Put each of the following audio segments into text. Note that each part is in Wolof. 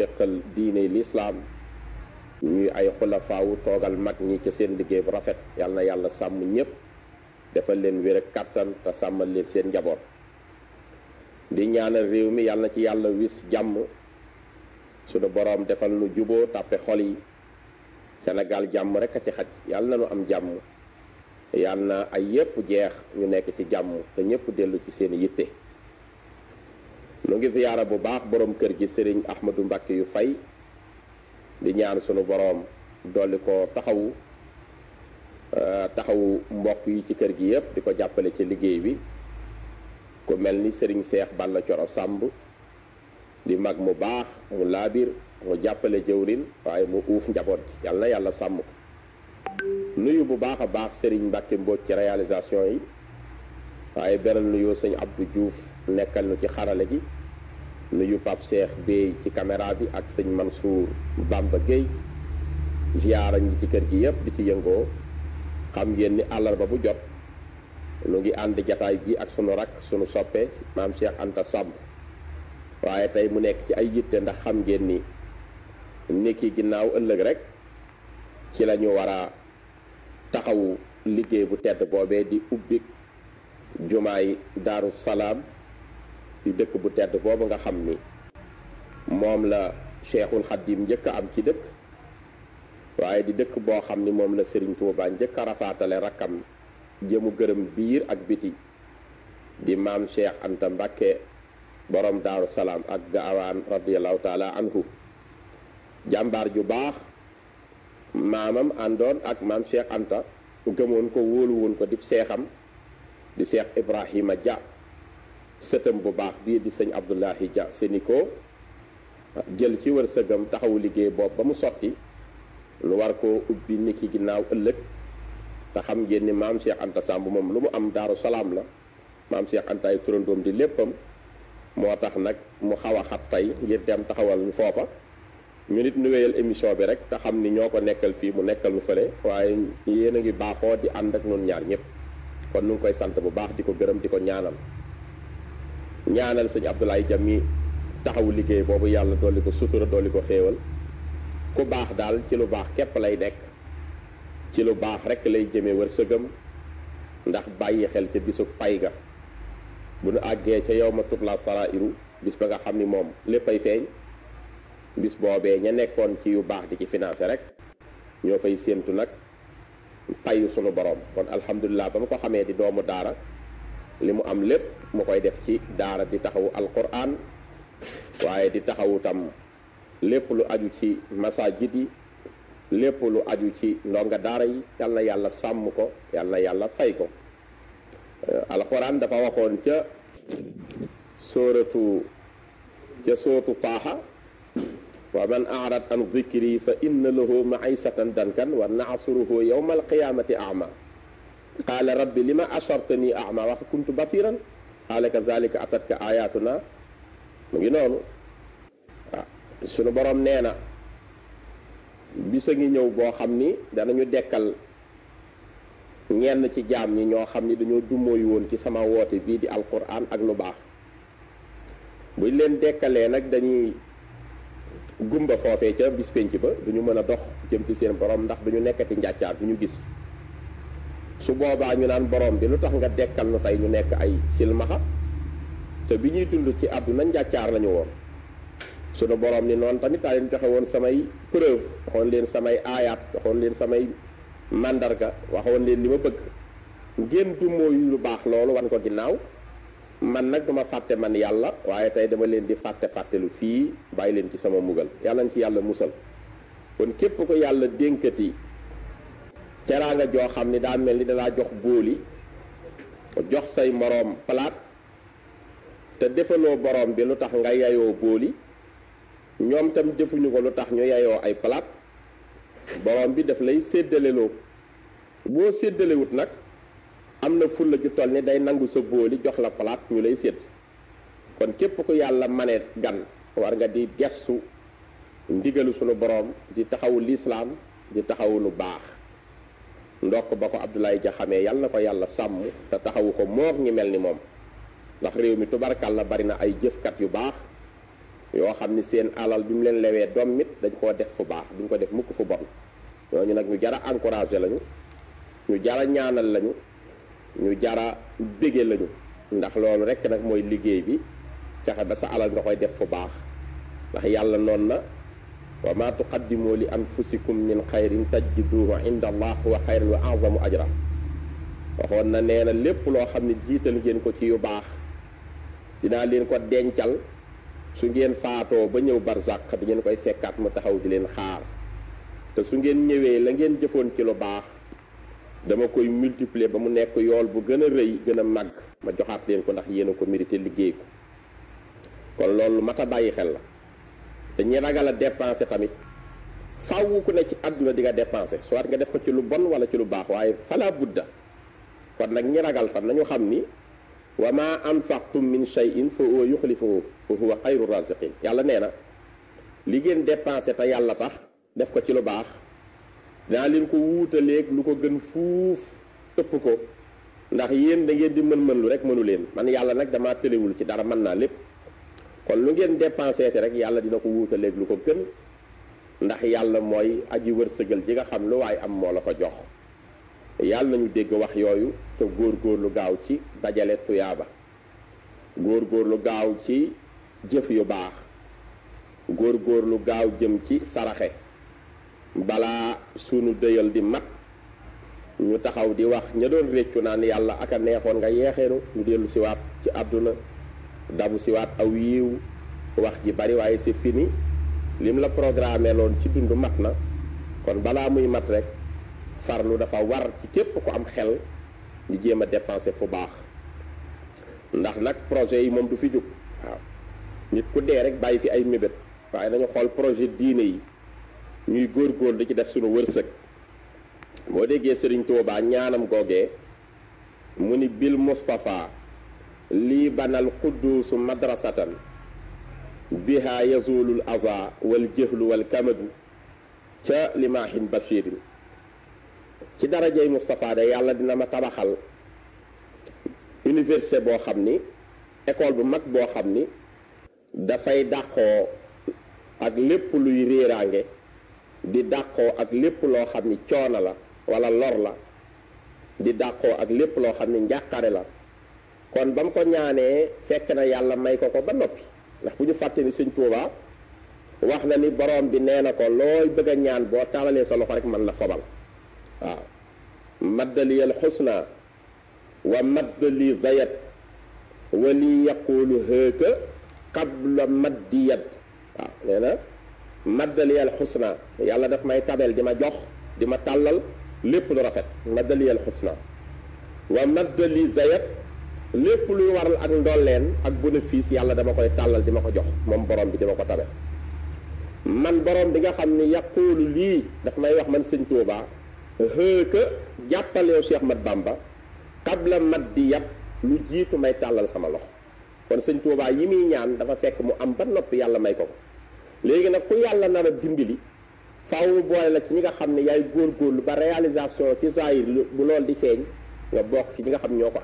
dëkkal diine l'islam ñuy ay wu togal mag ñi ci seen liggéey bu rafet yalla yalla sam ñepp defal leen wér ak ta samal leen seen njaboot di ñaanal réew mi yalla ci yalla wis jàmm suñu borom defal nu jubo tapé xol yi Sénégal jamm rek ci xaj yalla nu am jamm yalla na ay yépp jeex ñu nekk ci jamm te ñepp delu ci seen yitte nu ngi ziyaara bu baax boroom kër gi sëriñ Ahmadou Mbàkke yu fay di ñaan sunu boroom dolli ko taxawu euh, taxawu mbokk yi ci kër gi yëpp di ko jàppale ci liggéey bi ku mel ni sëriñ Seex Balla Coro Sàmb di mag mu baax mu laabir mu jàppale jëwrin waaye mu uuf njaboot ji yàlla yàlla sàmb ko nuyu bu baax a baax sëriñ Mbàkke Mbóoj ci réalisation yi waaye beral nuyoo sëñ Abdou juuf nekkal nu ci xarale ji nuyu Pape seex Bey ci caméra bi ak sëñ Mansour Bamba Gueye ziyaara ñi ci kër gi yépp di ci yëngoo xam ngeen ni àllarba bu jot nu ngi ànd jataay bi ak sunu rakk sunu soppe maam Cheikh Anta Samb waaye tey mu nekk ci ay yitte ndax xam ngeen ni niki ginnaaw ëllëg rek ci lañu ñu war a taxawu liggéey bu tedd boobee di ubbi jumaay daaru salaam ci dëkk bu tedd boobu nga xam ni moom la cheikhul xadim njëkk am ci dëkk waaye di dëkk boo xam ni moom la sëriñ touba njëkk rafaatale rakam jëmu gërëm biir ak biti di maam cheikh anta mbàkke borom daaru salaam ak gaawaan radiallahu taala anhu jambar ju baax maamam àndoon ak maam cheikh anta gëmoon ko wóolu woon ko di seexam di cheikh ibrahima dia setem bu baax bi di seigne abdullah Dia Seniko jël ci wërsegam taxaw liggéey bob ba mu sotti lu war ko ubbi niki ki ëlëk ta xam ngeen ni maam Cheikh Anta sambu mom lu mu am daru salam la maam Cheikh Anta ay turandom di leppam moo tax nag mu xawa xat tay ngir dem taxawal ñu fofa ñu nit ñu wéyal émission bi rek ta xam ni ñoko ko nekkal fi mu nekkal lu fële waye yeena ngi di and ak ñun ñaar ñëpp kon ñu koy sante bu baax di ko diko ñaanal ñaanal sëñ Abdoulaye Dia mi taxawu liggéey boobu yàlla li ko sutura li ko xéewal ku baax daal ci lu baax képp lay nekk ci lu baax rekk lay jëmee wërsëgam ndax bàyyi xel ca bisu pay ga bu nu àggee ca yow ma tubla sara iru bis ba nga xam ni moom lépp ay feeñ bis boobee ña nekkoon ci yu baax di ci financé rek ñoo fay séentu nag payu sunu borom kon alhamdulilah ba ma ko xamee di doomu daara limu am lépp mu koy def ci daara di taxawu alquran waye di taxawu tam lépp lu aju ci masajid yi lépp lu aju ci ndonga daara yi yalla yàlla sam ko yalla yàlla fay ko alquran dafa waxon ci suratu ca sóotu taaxa wa man aarad an dikri fa inna lahu maisatan dankan wa naasuruhu yowma alqiyamati ama qaala bi li ma ashartani ama wax kuntu basiran qaala kazalika atatka ayatuna mu ngi noonu ah, sunu borom nee na bisa ngi ñëw boo xam ni danañu dekkal ñenn ci jaam ñi ñoo xam ni dañoo dummóoyu woon ci sama woote bii di alquran ak lu baax buñ leen dekkalee nag dañuy gumba foofee ca bis penc ba duñu mën a dox jëm ci seen borom ndax duñu nekkati njàccaar ñu gis su boobaa ñu naan borom bi lu tax nga dekkal nu tey ñu nekk ay silmaxa te bi ñuy dund ci àdduna njàccaar la ñu woon sunu borom ni noonu tamit daa leen joxe woon samay preuve waxoon leen samay aayaat waxoon leen samay màndarga waxoon leen li ma bëgg ngeen du mooy lu baax loolu wan ko ginnaaw man nag dama fàtte man yàlla waaye tey dama leen di fàtte fàttelu fii bàyyi leen ci sama mugal yàlla nañ ci yàlla musal kon képp ko yàlla dénkati teranga jo xamni ni melni da la jox bóoli jox say morom palaat te defaloo borom bi lutax nga yayo bóoli ñom tam defuñu ko lutax ñu yayo ay palaat borom bi def lay séddaleloo boo séddalewut nak amna na fulla ju toll ni day nangu sa bóoli jox la palaat ñu lay kon képp ko yalla mané gan war nga di gestu ndigal suñu borom di taxawul Islam di taxawul lu ndokk ba ko Abdoulaye Dia xamee yàlla na ko yàlla sàmm te taxawu ko moog ñi mel ni moom ndax réew mi tubarkal la bari na ay jëfkat yu baax yoo xam ni seen alal bi mu leen lewee doom dañ koo def fu baax duñ ko def mukk fu bon ñooñu nag ñu jara encouragé lañu ñu jara ñaanal lañu ñu jara bége lañu ndax loolu rekk nag mooy liggéey bi fexe ba sa alal nga koy def fu baax ndax yàlla noonu na wa maa tuqaddimu li anfusikum min xayrin taj inda allah wa xayrun wa azamu ajra waxoon na nee na lépp loo xam ne jiital ngeen ko ci yu baax dinaa leen ko dencal su ngeen faatoo ba ñëw barzaq di ngeen koy fekkaat mu taxaw di leen xaar te su ngeen ñëwee la ngeen jëfoon ci lu baax dama koy multiplier ba mu nekk yool bu gën a rëy gën a màgg ma joxaat leen ko ndax yéen a ko mérité liggéey ko kon loolu mat a bàyyi xel la te ñi ragal a dépensé tamit faaw ku ne ci àdduna di nga dépensé soit nga def ko ci lu bon wala ci lu baax waaye fala budda kon nag ñi ragal tam nañu xam ni wa ma anfaqtum min shay'in fa huwa yuxlifuhu wa huwa xayru raziqin yàlla nee na li ngeen dépensé te yàlla tax def ko ci lu baax dinaa leen ko wuutaleeg lu ko gën fuuf tëpp ko ndax yéen da ngeen di mën-mën lu rek mënu leen man yàlla nag damaa tëlewul ci dara mën naa lépp kon lu ngeen dépensé te rek yàlla dina ko wuutaleeg lu ko gën ndax yàlla mooy aji wërsëgal ji nga xam lu waaye am moo la ko jox yàlla na ñu dégg wax yooyu te góorgóorlu gaaw ci dajale tuyaaba góorgóorlu gaaw ci jëf yu baax góor góor lu gaaw jëm ci saraxe balaa sunu dëyal di mat ñu taxaw di wax ña doon réccu naan yàlla aka neexoon nga yeexeenu ñu dellu siwaat ci àdduna dabu ci wat aw yiw wax ji bari waye c'est fini lim la programmer lon ci dundu matna kon bala muy mat rek farlu dafa war ci kep ko am xel ni jema dépenser dépensé fu baax ndax nak projet yi mom du fi juk waaw nit ku dé rek bayyi fi ay mébét waye nañu xol projet diiné yi ñuy gor gor di ci def suñu wërseuk déggé serigne Touba ñaanam muni bil mustafa لي بنى القدوس مدرسة بها يزول الأذى والجهل والكمد كلماح بشير ci darajey Moustapha de yàlla dina ma tabaxal université boo xam ni école bu mag boo xam ni dafay dàqoo ak lépp luy réeraange di dàqoo ak lépp loo xam ni coono la wala lor la di dàqoo ak lépp loo xam ni njàqare la kon bam ko ñaané fekk na yàlla may ko ko ba nopi ndax buñu faté ni sëñ touba wax na ni borom bi néna ko loy bëgg ñaan bo talalé sa loxo rek man la fobal wa maddali al husna wa maddali zayat wa li yaqulu haka qabla maddi wa néna nee na maddali al xusna yàlla daf may tabel dima jox dima talal lépp lu rafet maddali al husna wa maddali zayat lepp luy waral ak ndolleen ak bénéfice yàlla dama koy tàllal dima ko jox moom borom bi dama ko tabe man borom bi nga xam ni li lii daf may wax man sëñ Tuuba xëëka jàppaleew Cheikh Mat Bamba kabla mat di yàpp lu jiitu may tàllal sama lox kon sëñ touba yi muy ñaan dafa fekk mu am ba nopp yàlla may ko ko léegi nag ku yàlla nar a dimbali faaw mu boole la ci ñi nga xam ne yaay góorgóorlu ba réalisation ci zahir bu loolu di feeñ nga bokk ci ñi nga xam ñoo ko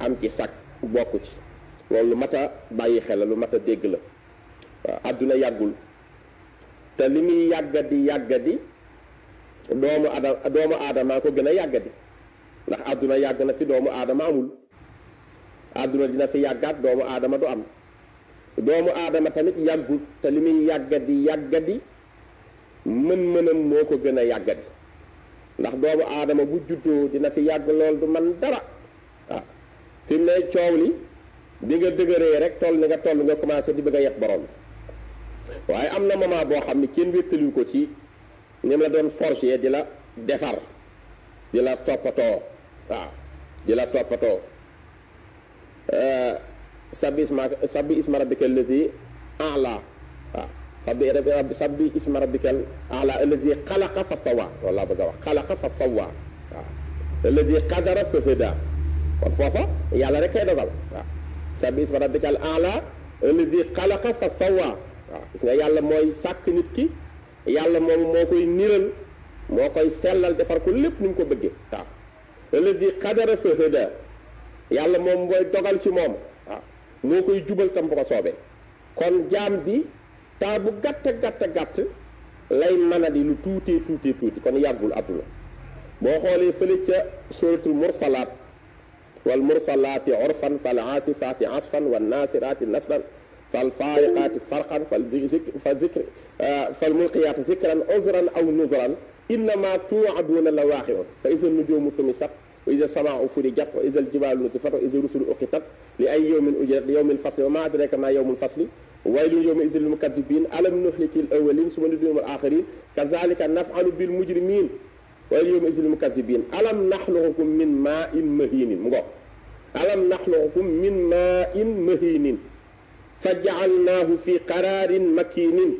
am ci sag bokk ci loolu lu mat a bàyyi xel lu mat a dégg la waaw àdduna yàggul te li muy yàggadi yàggadi doomu aadama doomu aadamaa gën a yàggadi ndax àdduna yàgg na fi doomu aadama amul àdduna dina fi yàggaat doomu aadama du am doomu aadama tamit yàggul te li muy yàgga yàggadi yàggadi mën-mënam moo ko gën a yàggadi ndax doomu aadama bu juddoo dina fi yàgg lool du man dara fi mu ne coow li bi dëgëree rek toll ni nga toll nga commencé di bëgg a yeb borom bi waaye am na moment boo xam ni kenn wéttaliwu ko ci ni mu la doon forger di la defar di la toppatoo waaw di la toppatoo euh, sabbi isma sabbi isma rabbika allazi ala isma rabbika ala allazi xalaqa fa sawa walla bëgg a wax xalaqa fa sawa waaw allazi qadara fa hada kon foofa yàlla rek kay dogal waaw sabbi isma rabbikal a'la allazi xalaqa fa sawwa waaw gis nga yàlla mooy sàkk nit ki yàlla moom moo koy niral moo koy sellal defar ko lépp ni mu ko bëggee waaw allazi qadara fa hada yàlla moom mooy dogal ci moom moo koy jubal tam bu ko soobee kon jaam bi temps bu gàtt gàtt gàtt lay mën di lu tuutee tuutee tuuti kon yàggul àdduna boo xoolee fële ca suratul mursalaat والمرسلات عرفا فالعاصفات عصفا والناصرات نسبا فالفارقات فرقا فالذكر آه، فالملقيات ذكرا عذرا او نذرا انما توعدون لواقع فاذا النجوم تمسك واذا السماء فرجت واذا الجبال نزفت واذا الرسل اقتت لاي يوم اجرت ليوم الفصل وما ادراك ما يوم الفصل ويل يومئذ للمكذبين الم نهلك الاولين ثم نهلك الاخرين كذلك نفعل بالمجرمين wal yawmi izil mukazzibin alam nakhluqukum min ma'in mahinin mu alam nakhluqukum min ma'in mahinin faj'alnahu fi qararin makinin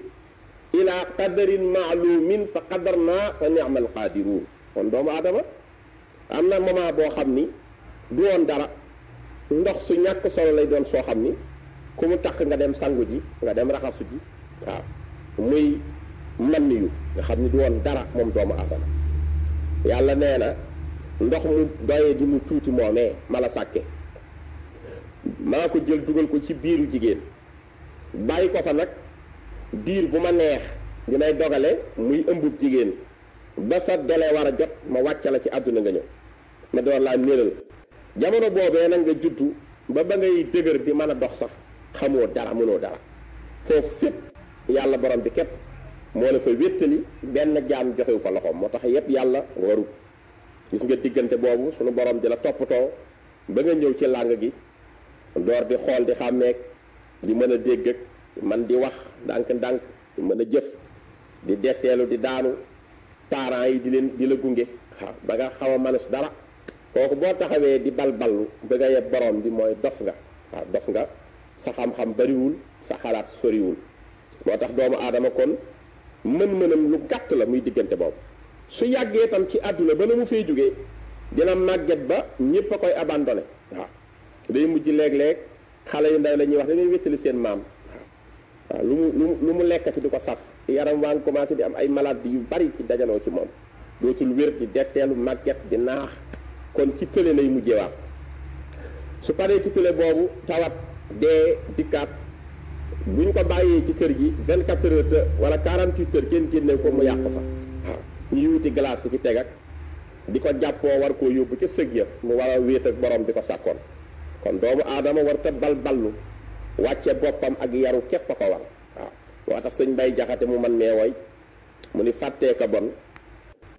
ila qadarin ma'lumin fa qadarna fa ni'mal qadirun kon doomu adama am na moment boo xam ni du woon dara ndox su ñàkk solo lay doon soo xam ni ku mu takk nga dem sangu ji nga dem raxasu ji waaw muy man nga xam du woon dara moom doomu adama yàlla nee na ndox mu doyee di mu tuuti moomee ma la sàkke maa ko jël dugal ko ci biiru jigéen bàyyi ko fa nag biir bu ma neex ñu may dogale muy ëmbub jigéen ba sa dole war a jot ma wàcce la ci àdduna nga ñëw ma door laa néeral jamono boobee nag nga juddu ba ba ngay dëgër di mën a dox sax xamoo dara mënoo dara foofu fépp yàlla borom bi képp moo la fa wéttali benn gaan joxewu fa loxoom moo tax yëpp yàlla waru gis nga diggante boobu suñu borom di la toppatoo ba nga ñëw ci làng gi door di xool di xàmmeek di mën a dégg man di wax ndànk-ndànk di mën a jëf di detteelu di daanu parents yi di leen di la gunge ba nga xawa a manus dara kooku boo taxawee di balballu ba nga yeb borom bi mooy dof nga waaw dof nga sa xam-xam bariwul sa xalaat soriwul moo tax doomu aadama kon mën-mënam lu gàtt la muy diggante boobu su yàggee tam ci àdduna ba na mu fay jógee dina màgget ba ñëpp a koy abandonné waaw day mujj léeg-léeg xale yu ndaw la ñuy wax dañuy wéttali seen maam waaw lu mu lu lu mu lekkati di ko saf yaram waa ngi commencé di am ay maladies yu bari ci dajaloo ci moom dootul wér di detteelu màgget di naax kon ci tële lay mujjewaat su paree ci tële boobu tawat dee dikkaat bu ñu ko bàyyee ci kër gi vingt quatre heures wala quarante huit heures kenn génne ko mu yàq fa waaw ñuy wuti glace ci teg ak di ko jàppoo war koo yóbbu ca sëg ya mu war a wéet ak borom bi ko sàkkoon kon doomu aadama war te bal ballu wàcce boppam ak yaru képp a ko war waaw moo tax sëñ Mbay Jaxate mu man nee woy mu ni fàttee ka bon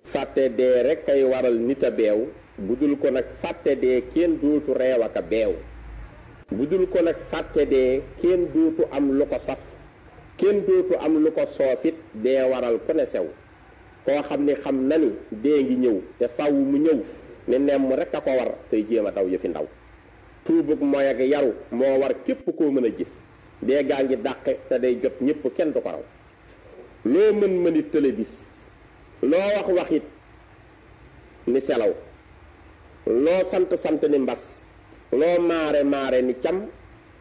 fàtte dee rek kay waral nit a beew bu dul ko nag fàtte dee kenn dootu reew ak a beew budul ko nak fatte de ken dootu am lu ko saf ken dootu am lu ko de waral ko ne sew ko xamni xam na ni dee ngi ñew te faaw mu ñew ne nem rek ko war tay jema taw yefi ndaw tubuk moy ak yaru mo war kep ko meuna gis de gaangi dakk te day jot ñep ken du ko raw lo meun meuni telebis lo wax waxit ni selaw lo sante sante ni mbass loo maare maare ni cam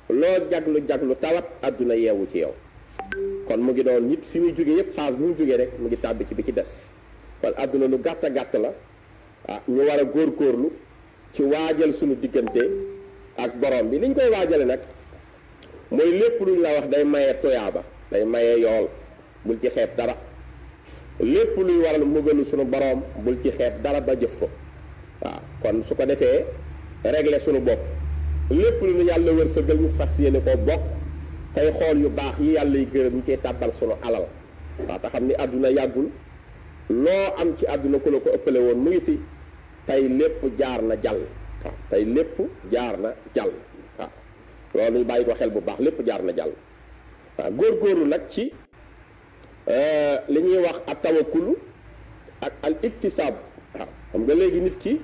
loo jaglu-jaglu tawat àdduna yeewu ci yow kon mu ngi doon nit fi muy jóge yëpp phase bu mu jógee rek mu ngi tàbbi ci bi ci des kon àdduna lu gàtt gàtt la ah ñu war a góor góorlu ci waajal suñu diggante ak borom bi liñ koy waajale nag mooy lépp luñ la wax day maye toyaaba day maye yool bul ci xeet dara lépp luy waral mbugalu suñu boroom bul ci xeet dara ba jëf ko waaw kon su ko defee régler suñu bopp lépp lu nu yàlla wërsëgal ñu fas yéene koo bokk tey xool yu baax yi yàlla yi gërëm ñu koy tàbbal sunu alal waa ni àdduna yàggul loo am ci àdduna ko ëppale woon mu ngi fi tey lépp jaar na jàll waaw tey lépp jaar na jàll waaw loolu ñu bàyyi ko xel bu baax lépp jaar na jàll góor góorgóorlu nag ci euh, li ñuy wax ak tawakulu ak al iktisaab waaw xam nga léegi nit ki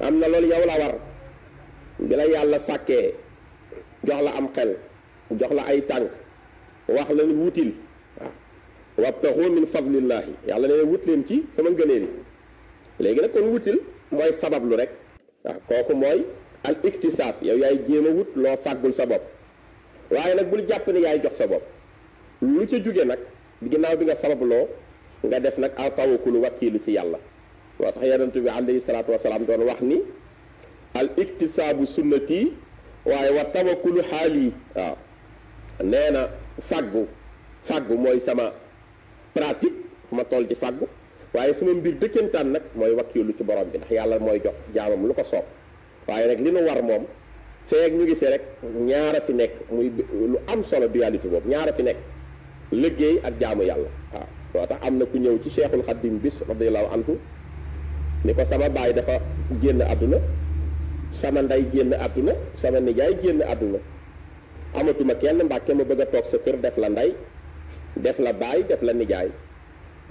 am na loolu yow la war bi la yàlla sàkkee jox la am xel jox la ay tànk wax la ni wutil waaw wabtaxu min fadlillahi yàlla nee wut leen ci sama ngëneel léegi nag kon wutil mooy sabablu rek waaw kooku mooy al iktisaab yow yaay jéem a wut loo fàggul sa bopp waaye nag bul jàpp ne yaay jox sa bopp lu ca jóge nag ginnaaw bi nga sababloo nga def nag al tawakkulu wakiilu ci yàlla waa tax yonent bi alayhi salaatu wasalaam doon wax ni al iktisaabu sunnati waaye wa tawakkulu xaal yi waaw nee na fàggu fàggu mooy sama pratique fu ma toll ci fàggu waaye sama mbir dëkkantaan nag mooy wakkiilu ci borom bi ndax yàlla mooy jox jaamam lu ko soob waaye rek li nu war moom feeg ñu ngi fi rek ñaara fi nekk muy lu am solo dualité boobu ñaara fi nekk liggéey ak jaamu yàlla waa moo tax am na ku ñëw ci cheikhul xadim bis radiallahu anhu ni ko sama bay, dafa genn aduna, sama nday genn aduna, sama nijaay génn aduna. amatuma kenn mbàkke ma bëgg tok sa kër def la nday def la baay def la nijaay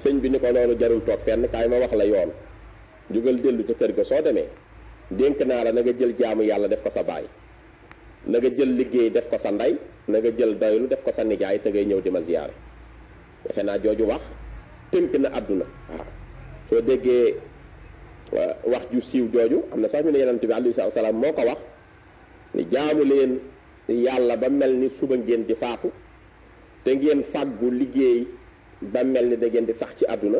sëñ bi ni ko jarul tok fenn kay ma wax la yoon jugal delu ci kër ga so demee denk na la na nga jël jaamu yalla def ko sa baay nga jël liggéey def ko sa nday nga jël doylu def ko sa nijaay te ngay ñew di ma ziaré joju wax na aduna wax ju siiw jooju am na sax ñu ne yonent bi alayhi salaam moo ko wax ni jaamu leen yàlla ba mel ni suba ngeen di faatu te ngeen fàggu liggéey ba mel ni da ngeen di sax ci àdduna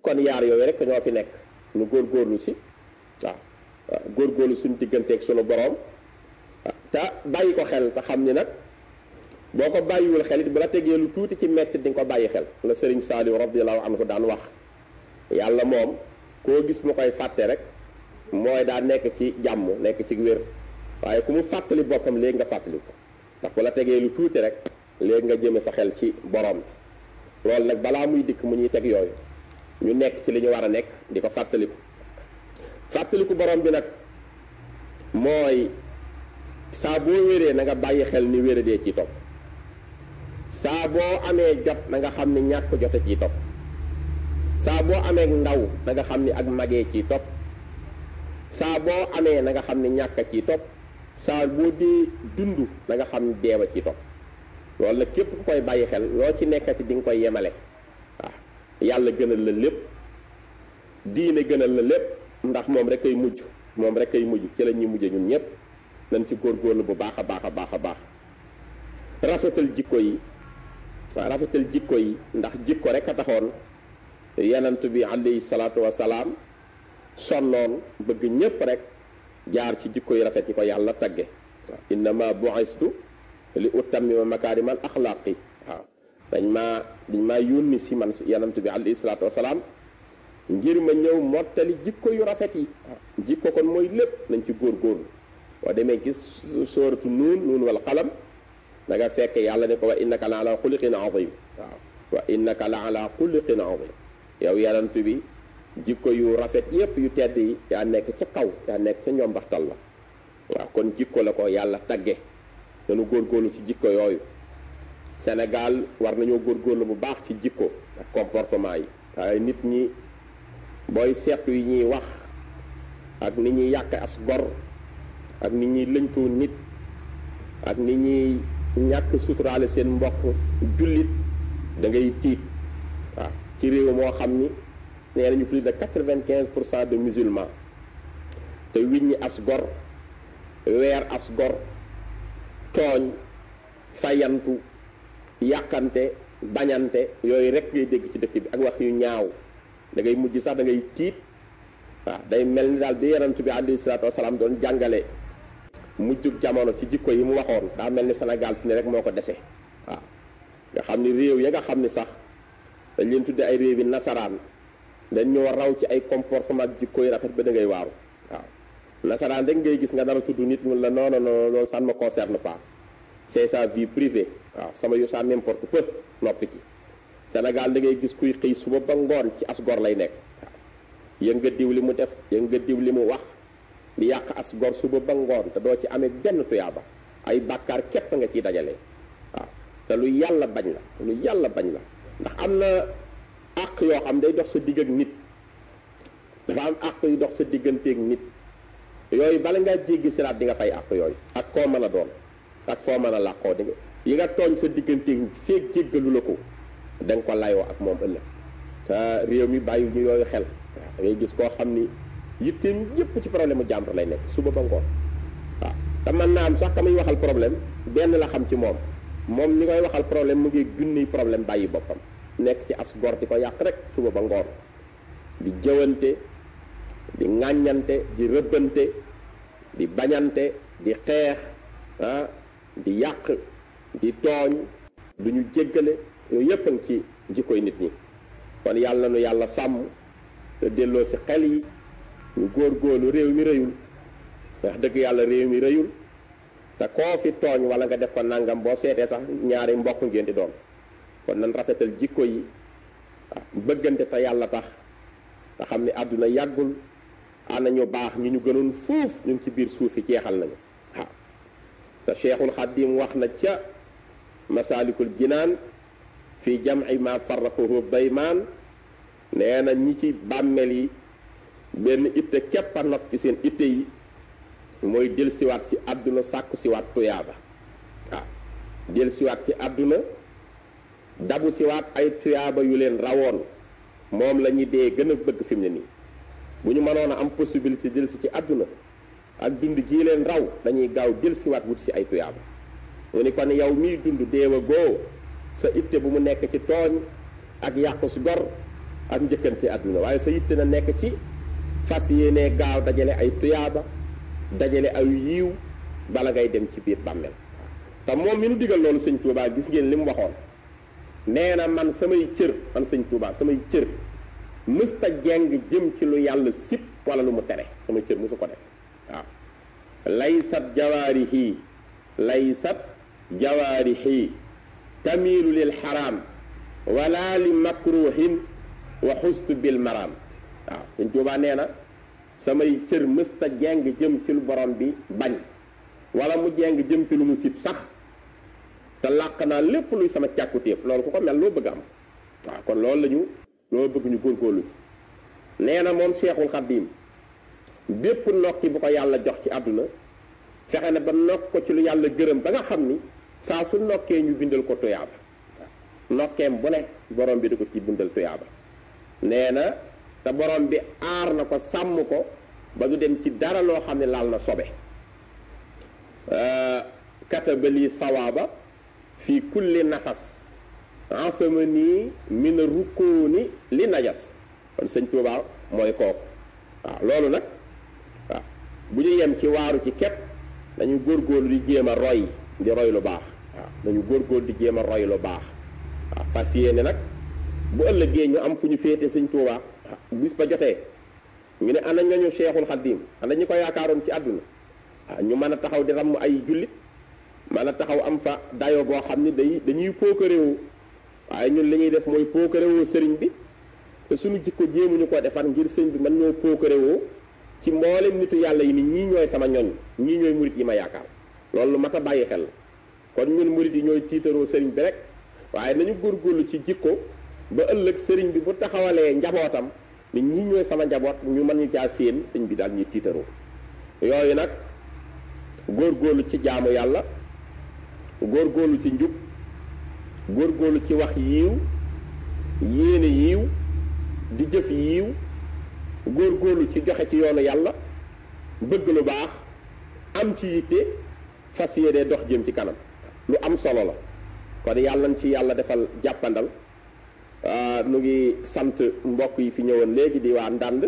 kon yaar yooyu rek ñoo fi nekk ñu góorgóorlu ci waaw góorgóorlu suñu digganteeg suñu boroom te bàyyi ko xel te xam ni nag boo ko bàyyiwul xel it bu la tegee lu tuuti ci metti di ko bàyyi xel la sëriñ Saaliw radiyallahu ko daan wax yàlla moom koo gis mu koy fàtte rek mooy daa nekk ci jàmm nekk ci wér waaye ku mu fàttali boppam léegi nga fàttali ko ndax ko la tegee lu tuuti rek léegi nga jëme sa xel ci borom bi loolu nag balaa muy dikk mu ñuy teg yooyu ñu nekk ci li ñu war a nekk di ko fàttaliku fàttaliku borom bi nag mooy saa boo wéree na nga bàyyi xel ni wéradee ciy topp saa boo amee jot na nga xam ni ñàkk jote ciy topp saa boo amee ndaw na nga xam ni ak magee ciy topp saa boo amee na nga xam ni ñàkk a ciy topp saa dund na nga xam ni deeba ciy topp loolu képp ku koy bàyyi xel loo ci nekkati di nga koy yemale waaw yàlla gënal la lépp diine gënal la lépp ndax moom rek ay mujj moom rek kay mujj ci la ñuy mujje ñun ñëpp nañ ci góor góorgóorlu bu baax a baax a baax a baax rafetal jikko yi waa rafetal jikko yi ndax jikko rek a taxoon yanant bi alayhi salaatu wasalaam sonnoon bëgg ñépp rek jaar ci jikko yu rafet yi ko yàlla tagge waaw innama bu'istu li utammima makaarimal axlaaqi waaw dañ maa dañ maa yónni si man yanant bi alayhi salaatu wasalaam ngir ma ñëw mottali jikko yu rafet yi jikko kon mooy lépp nañ ci góorgóorlu boo demee ci sóoratu nuun nuun wal qalam da fekk yàlla ne ko wa innaka la ala xuluqin azim waaw wa innaka la ala xuluqin azim yow yarantu bi jikko yu rafet yep yu tedd ya nek nekk ca kaw yaa nekk ca baxtal la wa kon jikko la ko yàlla tagge gor góorgóorlu ci jikko yoyu senegal war gor góorgóorlu bu baax ci jikko ak comportement yi waaye nit ñi boy seetu yi ñi wax ak nit ñi yak as gor ak ni ñuy nit ak nit ñi ñak sutural sen mbokk julit da ngay tiit ci réew moo xam ni nee plus de 95% de musulmans te wiññi as gor weer as gor tooñ fayantu yàqante bañante yooyu rek ngay dégg ci dëkk bi ak wax yu ñaaw da ngay mujj sax da ngay tiit waaw day mel ni daal bi bi alayhi salaatu wasalaam doon jàngale jamono ci jikko yi mu Sénégal fi rek nga ya dañ leen tudde ay réewi nasaran dañ ñoo raw ci ay comportement ci koy rafet ba da ngay waaru waaw nasaraan rek ngay gis nga dara tuddu nit mu la non non lool loolu ma concerne pas c'est sa vie privée waaw sama yu sa n'importe peu nopi ci sénégal da ngay gis kuy xey suba ba ngor ci as gor lay ya nga diw li mu def nga diw li mu wax di yak as gor suba ba ngor te do ci amé benn tuyaba ay bàkkaar kep nga ci dajalé waaw te lu yalla bañ la lu yalla bañ la ndax am na àq xam day dox sa digg ak nit dafa am ak yu dox sa ak nit yoy bala nga jéggi sirat di nga fay ak yoy ak ko mën doon ak fo mën a làqoo di nga yi nga togn sa digganteeg fek feeg lako dang ko layo ak mom ëllëg ta rew mi bayu ñu yoy xel ngay gis ko xamni ni yitteem yépp ci problème mu lay nek suba ba ngor waaw te mën naa sax kamay waxal problème ben la xam ci mom mom ni ngay waxal problème mu ngi junniy problème bayyi bopam nek ci as gor di ko rek suba ba ngor di jewante di ngagnante di rebeunte di bañante di xex ha ah, di yak di togn duñu jéggale yooyu yépp ngi ci jikkoy nit ñi kon yalla nu yalla sam te delo ci xel yi ñu golu rew mi rëyul wax deug yalla rew mi rëyul ta ko fi togn wala nga def ko nangam bo sété sax ñaari mbokk ngeen di doon kon nan rafetal jikko yi bëggante te yàlla tax te xam ni àdduna yàggul ana ñu baax ñu ñu gënoon foofu ñu ci biir suuf yi jeexal nañu waaw te cheikhul xaddim wax na ca masaalikul jinaan fii jam'i ma farraquhu daymaan nee na ñi ci bàmmeel yi benn itte képp a not ci seen itte yi mooy siwaat ci àdduna sàkku siwaat tuyaaba waaw siwaat ci àdduna dabu siwaat ay tuyaaba yu leen rawoon moom la ñuy dee gën a bëgg fi mu ne nii bu ñu mënoon a am possibilité jël si ci àdduna ak dund jii leen raw dañuy gaaw jël siwaat wut si ay tuyaaba mu ni kon yow miy dund déew a góo sa itte bu mu nekk ci tooñ ak yàqu su gor ak njëkkante àdduna waaye sa itte na nekk ci fas yéenee gaaw dajale ay tuyaaba dajale ay yiiw bala ngay dem ci biir bàmmeel te moom mi nu digal loolu sëñ Tuubaa gis ngeen li mu waxoon nee na man samay cër man sëñ Touba samay cër mësta jeng jëm ci lu yàlla sib wala lu mu tere sama cër mësu ko def waaw laysat jawaarihii laysat jawaarihii tamiilu lil xaraam wala li makruhin wa xustu bil maraam waaw sëñ Touba nee na samay cër mësta jeng jëm ci lu borom bi bañ wala mu jeng jëm ci lu mu sib sax te làq naa lépp luy sama càkkutéef loolu ku ko mel loo bëgg am waaw kon loolu lañu ñu loo bëgg ñu góorgóorlu ci nee na moom Seexul Xaddiim bépp nokki bu ko yàlla jox ci àdduna fexe na ba nokk ko ci lu yàlla gërëm ba nga xam ni saa su nokkee ñu bindal ko tuyaaba nokkeem bu ne borom bi di ko ci bindal tuyaaba nee na te borom bi aar na ko sàmm ko ba du dem ci dara loo xam ne laal na sobe euh, katabali sawaaba fii kulli nafas ensemeni mina rukkooni li najas kon sëñ Tuubaa mooy kook waaw loolu nag waaw bu ñu yem ci waaru ci ket dañu góor góor di jéem a roy di roy lu baax waaw dañu góor di jéem a roy lu baax waaw fas yéene nag bu ëllëgee ñu am fu ñu féete sëñ Tuubaa bis ba jotee ñu ne ana nga ñu Seexul Xaddiim ana ñu ko yaakaaroon ci àdduna ñu mën a taxaw di ramm ay jullit mala taxaw am fa dayo boo xam ni day dañuy pookaréewu waaye ñun li ñuy def mooy pookaréewoo sëriñ bi te suñu jikko jéemuñu ko defar ngir sëriñ bi mën ñoo pookaréewoo ci mboolem nitu yàlla yi ni ñii ñooy sama ñoñ ñii ñooy murit yi ma yaakaar loolu lu mat a bàyyi xel kon ñun murit yi ñooy tiitaroo sëriñ bi rek waaye nañu góorgóorlu ci jikko ba ëllëg sëriñ bi bu taxawalee njabootam ni ñii ñooy sama njaboot ñu mën ñu caa séen sëñ bi daal ñuy tiitaroo yooyu nag góorgóorlu ci jaamu yàlla góor góorlu ci njub góorgóorlu ci wax yiiw yéene yiiw di jëf yiiw góorgóorlu ci joxe ci yoonu yàlla bëgg lu baax am ci yitte fas yéene dox jëm ci kanam lu am solo la kon yàlla nañ ci yàlla defal jàppandal ah, nu ngi sant mbokk yi fi ñëwoon léegi di waa ndànd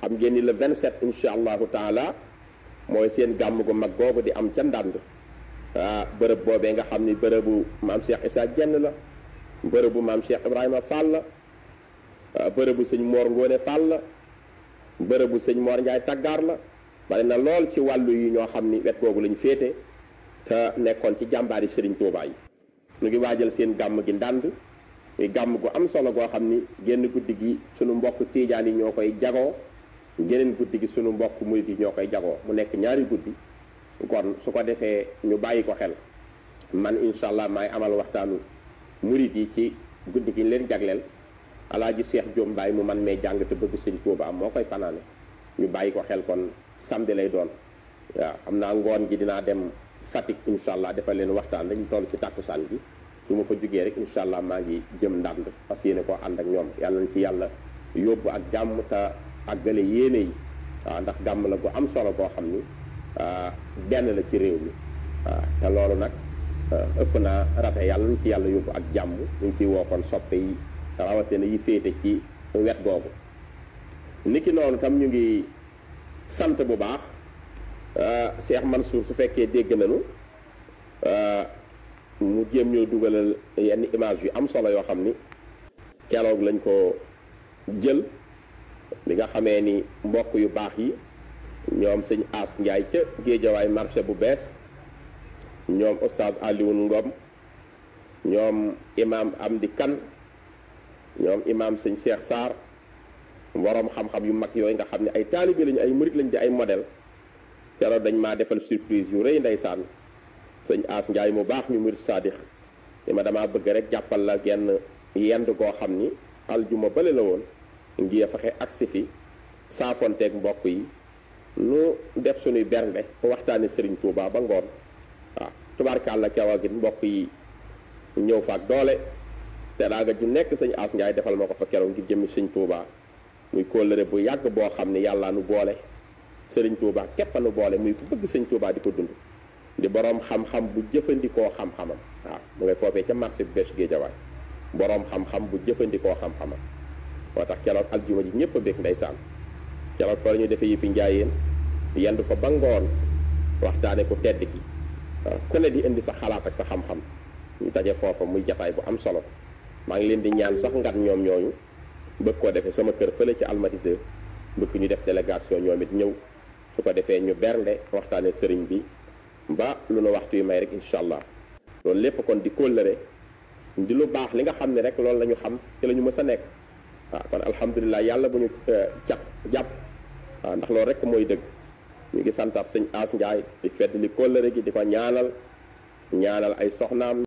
xam ngeen ni le 27 incha allahu taala mooy seen gàmm gu mag googu di am ca ndànd ah bërëb boobee nga xam ni bërëbu maam Cheikh isa jenn la bërëbu maam Cheikh Ibrahima Fall la ah, bërëbu sëñ Mor Ngone Fall la bërëbu sëñ Mor Ndiaye Taggaar la bari na lool ci wàllu yi ñoo xam ni wet googu lañ féete te nekkoon ci jàmbaari Serigne Touba yi ñu ngi waajal seen gàmm gi ndànd muy gàmm gu am solo goo xam ni génn guddi gi sunu mbokk tiijaan yi ñoo koy jagoo geneen guddi gi sunu mbokk murit yi ñoo koy mu nekk ñaari guddi kon su ko defee ñu bàyyi ko xel man incha allah amal waxtaanu murid yi ci guddi gi leen jagleel alaaji cheikh diom baye mu man mee jàng te bëgg sëñ Tuuba am moo koy fanaane ñu bàyyi ko xel kon samedi lay doon waaw xam naa ngoon gi dinaa dem fatik incha allah defal leen waxtaan dañu toll ci tàkkusaan gi su ma fa jugee rek incha allah maa ngi jëm ndànd parce que yéene ko ànd ak ñoom yàlla nañ ci yàlla yóbbu ak jàmm te àggale yéene yi waaw ndax gàmm la gu am solo boo xam ni Euh, benn la ci réew mi waaw euh, te loolu nag euh, ëpp na rate yàlla lu ci yàlla yóbbu ak jàmm ñu ngi ciy wookoon soppe yi rawatina yi féete ci wet googu niki noonu tam ñu ngi sant bu baax man Mansour su fekkee dégg nañu mu jéem ñoo dugalal yenn image yu am solo yoo xam ni keroog lañ ko jël bi nga xamee ni mbokk yu baax yi ñom señ As Ndiaye ca Géejawaay marché bu bes ñom Oustaz aliou Ngom ñom imam Amdi Kan ñom imam señ Cheikh sar waroom xam-xam yu mak yoy nga xamni ne ay taalibe lañ ay murit lañ di ay model kéro dañ ma defal surprise yu rëy ndaysan señ As ndjay mu bax ñu murit sadiq li ma bëgg rek jappal la genn yend go xamni aljuma balé la ngi ya faxé aksi fi ak mbokk yi nu def suñuy bernde waxtaane Serigne Touba ba ngoon waaw tubaarkàlla kawaa gi mbokk yi ñëw faak doole te daaga ju nekk sëñ As Ndiaye defal ma ko fa keroog ngir jëmmi sëñ Touba muy kóllëre bu yàgg boo xam ne yàllaa nu boole sëriñ Touba képp nu boole muy ku bëgg sëñ Touba di ko dund di boroom xam-xam bu jëfandikoo xam-xamam waaw mu foofee ca marché bu bees Géejawaay boroom xam-xam bu jëfandikoo xam-xamam moo tax keroog aljuma ji ñëpp a bég ndeysaan jabar fa ñu defé defee yi fi njaayeen yendu fa ba waxtane ko tedd ki ku ne di indi sa xalaat ak sa xam-xam ñu dajé fofu muy jappay bu am solo ma ngi leen di ñaan sax ngat ñom ñooñu bëgg ko defé sama kër fële ci almadi 2 bëgg ñu def délégation ñomit ñew su ko defé ñu bernde waxtane sëriñ bi ba lu nu waxtu yi may rek inshallah lool lepp kon di kóllëre di lu baax li nga xamné rek lool lañu xam ci lañu mësa mës a nekk waaw kon alhamdulilah yàlla bu ñu cat waaw ndax loolu rek mooy dëgg ñu ngi santaat sëñ As Ndiaye di fedd li kóllëre gi di ko ñaanal ñaanal ay soxnaam